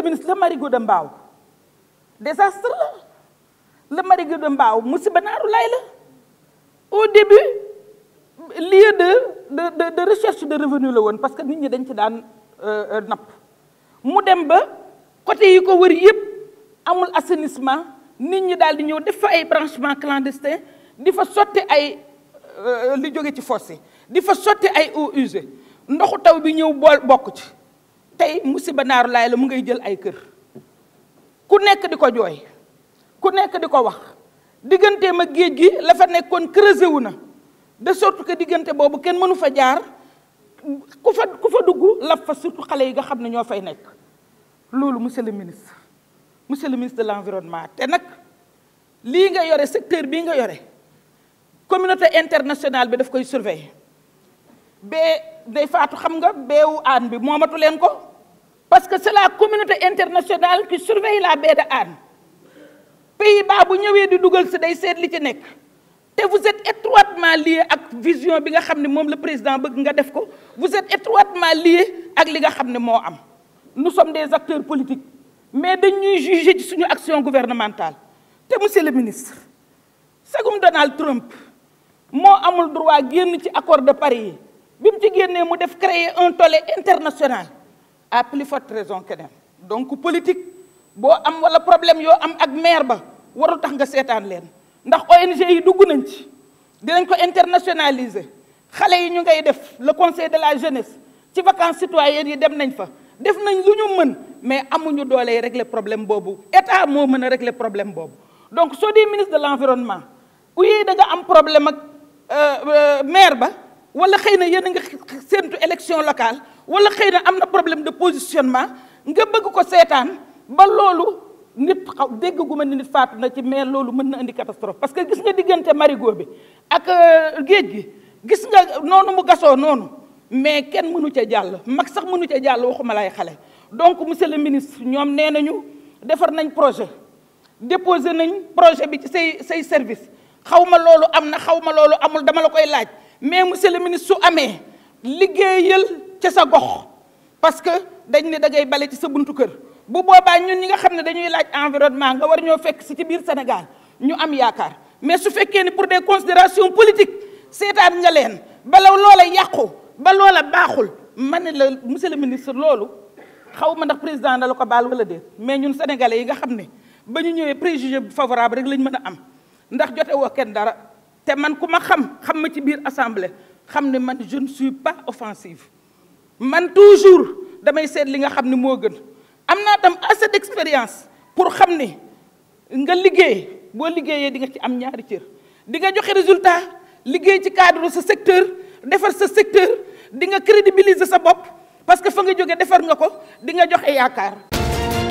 le ministre le marigot de Mbao désastre la le marigot de Mbao musiba naaru lay la au début lieu de de de de recherche de revenu la woon parce que nit ñi dañ ci daan euh, euh, napp mu dem ba côté yi ko wër yëpp amul assainissement nit ñi daal di ñëw def fa ay branchement clandestin di fa sotti ay euh, li jóge ci fossé di fa sotti ay eaux usées ndoxu taw bi ñëw bool bokk ci tey musiba naaru laay la mu ngay jël ay kër ku nekk di ko jooy ku nekk di ko wax digganteem ak géej gi la fa nekkoon creusé wu na de sorte que diggante boobu kenn mënu fa jaar ku fa ku fa dugg la fa surtout xale yi nga xam ne ñoo fay nekk loolu monsieur le ministre monsieur le ministre de l'environnement te nag lii nga yore secteur bii nga yore communauté internationale bi daf koy surveiller bee day faatu xam nga beewu aan bi moomatu leen ko parce que c'est la communauté internationale qui surveille la baie de Les Pays-Bas vous avez di dugal de day seet li ci vous êtes étroitement lié la vision de nga le président bëgg vous êtes étroitement lié à li nga nous sommes des acteurs politiques mais nous juger ci suñu action gouvernementale Et monsieur le ministre selon Donald Trump avons le droit sortir ci accord de Paris Nous devons créer un tollé international à plus forte raison keneen donc politique boo am wala problème yo, am ak maire ba waru tax nga sétane len ndax ONG yi dugg nañ ci dinañ ko internationaliser xalé yi ñu ngay def le conseil de la jeunesse ci vacances citoyennes yi dem nañ fa def nañ lu ñu mën mais amuñu doole régler problème bobu état mo mën a régler problème bobu donc so dee ministre de l'environnement oui, da nga am problème ak euh, euh, maire ba wala xeyna na a nga sentu élection locale wala xëy na am na problème de positionnement nga bëgg ko seetaan ba loolu nit xaw dégg gu ma ni nit faatu na ci mais loolu mën na indi catastrophe parce que gis nga diggante marigot bi ak euh, géej gi gis nga noonu mu gasoo noonu mais kenn mënu ca jàll mag sax mënu ca jàll waxuma lay xale donc monsieur le ministre ñoom nee nañu defar nañ projet déposé nañ projet bi ci say say service xawma loolu am na xaw ma loolu amul dama la koy laaj mais monsieur le ministre su amee liggéeyal ci sa gox parce que dañ ne da ngay bale ci sa buntu kër bu boba ñun ñi nga xamné ne dañuy laaj environnement nga war ñoo fekk si ci biir Sénégal ñu am yaakaar mais su fekké ni pour des considérations politiques sétane nga leen balaw loola yaqku ba loola baxul ma ne la monsieur le ministre loolu xawma ndax président da la ko baal wala dé mais ñun sénégalais yi nga xamné ne ba ñu ñëwee préjugé favorable rek lañ mëna am ndax jote wo kenn dara té man kuma xam xam ma ci biir assemblée xamné ne man je ne suis pas offensive man toujours damay seet li nga xamni mo assez d'expérience pour xamni nga liggéey bo liggéeyee di nga ci am ñaari di nga joxe résultat cadre secteur sa secteur di nga crédibiliser sa parce que fa nga jógee des nga ko di nga joxe